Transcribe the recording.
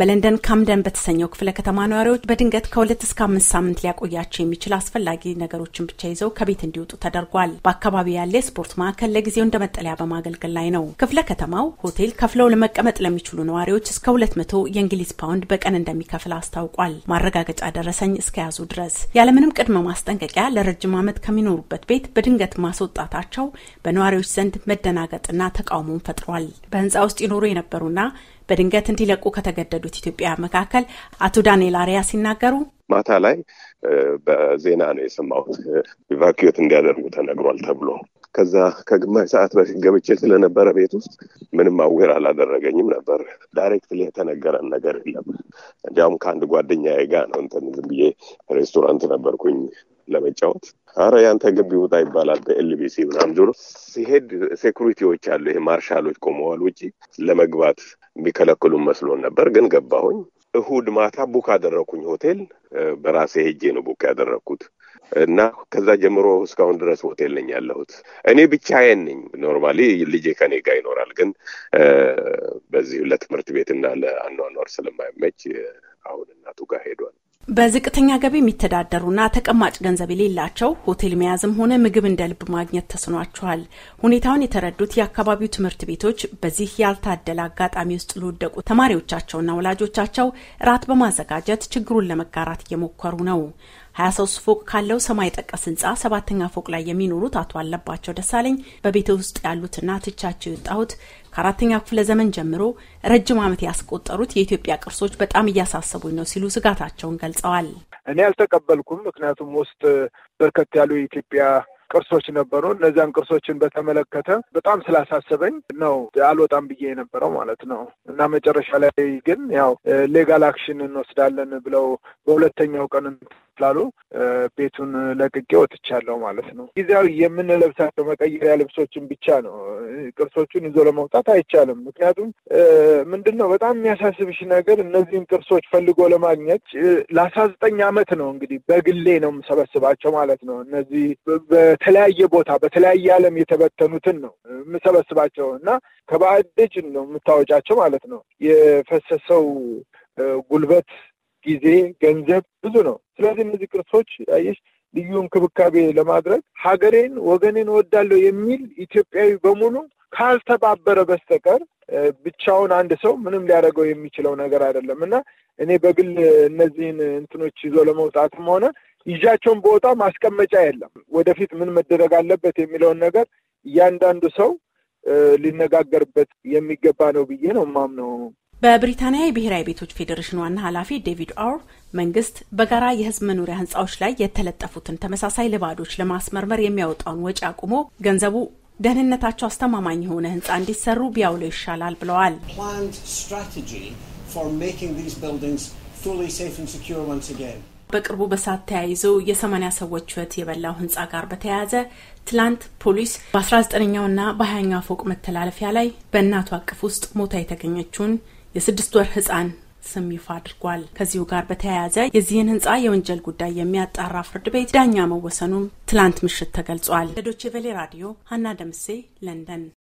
በለንደን ካምደን በተሰኘው ክፍለ ከተማ ነዋሪዎች በድንገት ከሁለት እስከ አምስት ሳምንት ሊያቆያቸው የሚችል አስፈላጊ ነገሮችን ብቻ ይዘው ከቤት እንዲወጡ ተደርጓል። በአካባቢው ያለ የስፖርት ማዕከል ለጊዜው እንደ መጠለያ በማገልገል ላይ ነው። ክፍለ ከተማው ሆቴል ከፍለው ለመቀመጥ ለሚችሉ ነዋሪዎች እስከ ሁለት መቶ የእንግሊዝ ፓውንድ በቀን እንደሚከፍል አስታውቋል። ማረጋገጫ ደረሰኝ እስከያዙ ድረስ ያለምንም ቅድመ ማስጠንቀቂያ ለረጅም ዓመት ከሚኖሩበት ቤት በድንገት ማስወጣታቸው በነዋሪዎች ዘንድ መደናገጥና ተቃውሞን ፈጥሯል። በህንፃ ውስጥ ይኖሩ የነበሩና በድንገት እንዲለቁ ከተገደዱት ኢትዮጵያ መካከል አቶ ዳንኤል አሪያ ሲናገሩ ማታ ላይ በዜና ነው የሰማሁት። ኢቫኪዌት እንዲያደርጉ ተነግሯል ተብሎ ከዛ ከግማሽ ሰዓት በፊት ገብቼ ስለነበረ ቤት ውስጥ ምንም አዌር አላደረገኝም ነበር። ዳይሬክትሊ የተነገረን ነገር የለም። እንዲያውም ከአንድ ጓደኛ ጋ ነው እንትን ዝም ብዬ ሬስቶራንት ነበርኩኝ ለመጫወት አረ ያንተ ግቢ ውጣ ይባላል። በኤልቢሲ ምናም ዞሮ ሲሄድ ሴኩሪቲዎች አሉ። ይሄ ማርሻሎች ቆመዋል። ውጪ ለመግባት የሚከለክሉን መስሎን ነበር፣ ግን ገባሁኝ። እሁድ ማታ ቡክ አደረግኩኝ ሆቴል። በራሴ ሄጄ ነው ቡክ ያደረግኩት እና ከዛ ጀምሮ እስካሁን ድረስ ሆቴል ነኝ ያለሁት። እኔ ብቻዬን ነኝ። ኖርማሊ ልጄ ከኔ ጋር ይኖራል፣ ግን በዚህ ለትምህርት ቤትና ለአኗኗር ስለማይመች አሁን እናቱ ጋር ሄዷል። በዝቅተኛ ገቢ የሚተዳደሩና ተቀማጭ ገንዘብ የሌላቸው ሆቴል መያዝም ሆነ ምግብ እንደ ልብ ማግኘት ተስኗቸዋል። ሁኔታውን የተረዱት የአካባቢው ትምህርት ቤቶች በዚህ ያልታደለ አጋጣሚ ውስጥ ለወደቁ ተማሪዎቻቸውና ወላጆቻቸው እራት በማዘጋጀት ችግሩን ለመጋራት እየሞከሩ ነው። ሀያ ሶስት ፎቅ ካለው ሰማይ ጠቀስ ህንፃ ሰባተኛ ፎቅ ላይ የሚኖሩት አቶ አለባቸው ደሳለኝ በቤት ውስጥ ያሉትና ትቻቸው የወጣሁት ከአራተኛ ክፍለ ዘመን ጀምሮ ረጅም ዓመት ያስቆጠሩት የኢትዮጵያ ቅርሶች በጣም እያሳሰቡኝ ነው ሲሉ ስጋታቸውን ገልጸዋል። እኔ አልተቀበልኩም። ምክንያቱም ውስጥ በርከት ያሉ የኢትዮጵያ ቅርሶች ነበሩ። እነዚያን ቅርሶችን በተመለከተ በጣም ስላሳሰበኝ ነው አልወጣም ብዬ የነበረው ማለት ነው። እና መጨረሻ ላይ ግን ያው ሌጋል አክሽን እንወስዳለን ብለው በሁለተኛው ቀን ስላሉ ቤቱን ለቅቄ ወጥቻለሁ ማለት ነው። ጊዜያዊ የምንለብሳቸው መቀየሪያ ልብሶችን ብቻ ነው። ቅርሶቹን ይዞ ለመውጣት አይቻልም። ምክንያቱም ምንድን ነው በጣም የሚያሳስብሽ ነገር እነዚህን ቅርሶች ፈልጎ ለማግኘት ለአስራ ዘጠኝ ዓመት ነው እንግዲህ በግሌ ነው የምሰበስባቸው ማለት ነው። እነዚህ በተለያየ ቦታ በተለያየ ዓለም የተበተኑትን ነው የምሰበስባቸው እና ከባዕድ እጅ ነው የምታወጫቸው ማለት ነው የፈሰሰው ጉልበት ጊዜ፣ ገንዘብ ብዙ ነው። ስለዚህ እነዚህ ቅርሶች አየሽ ልዩ እንክብካቤ ለማድረግ ሀገሬን ወገኔን ወዳለሁ የሚል ኢትዮጵያዊ በሙሉ ካልተባበረ በስተቀር ብቻውን አንድ ሰው ምንም ሊያደርገው የሚችለው ነገር አይደለም እና እኔ በግል እነዚህን እንትኖች ይዞ ለመውጣትም ሆነ ይዣቸውን በወጣ ማስቀመጫ የለም። ወደፊት ምን መደረግ አለበት የሚለውን ነገር እያንዳንዱ ሰው ሊነጋገርበት የሚገባ ነው ብዬ ነው የማምነው። በብሪታንያ የብሔራዊ ቤቶች ፌዴሬሽን ዋና ኃላፊ ዴቪድ አውር መንግስት በጋራ የህዝብ መኖሪያ ህንፃዎች ላይ የተለጠፉትን ተመሳሳይ ልባዶች ለማስመርመር የሚያወጣውን ወጪ አቁሞ ገንዘቡ ደህንነታቸው አስተማማኝ የሆነ ህንፃ እንዲሰሩ ቢያውሎ ይሻላል ብለዋል። በቅርቡ በሳት ተያይዞ የሰማኒያ ሰዎች ህይወት የበላው ህንፃ ጋር በተያያዘ ትላንት ፖሊስ በ19ኛውና በ20ኛው ፎቅ መተላለፊያ ላይ በእናቷ አቅፍ ውስጥ ሞታ የተገኘችውን የስድስት ወር ህጻን ስም ይፋ አድርጓል። ከዚሁ ጋር በተያያዘ የዚህን ህንጻ የወንጀል ጉዳይ የሚያጣራ ፍርድ ቤት ዳኛ መወሰኑም ትላንት ምሽት ተገልጿል። ለዶቼ ቬሌ ራዲዮ ሀና ደምሴ ለንደን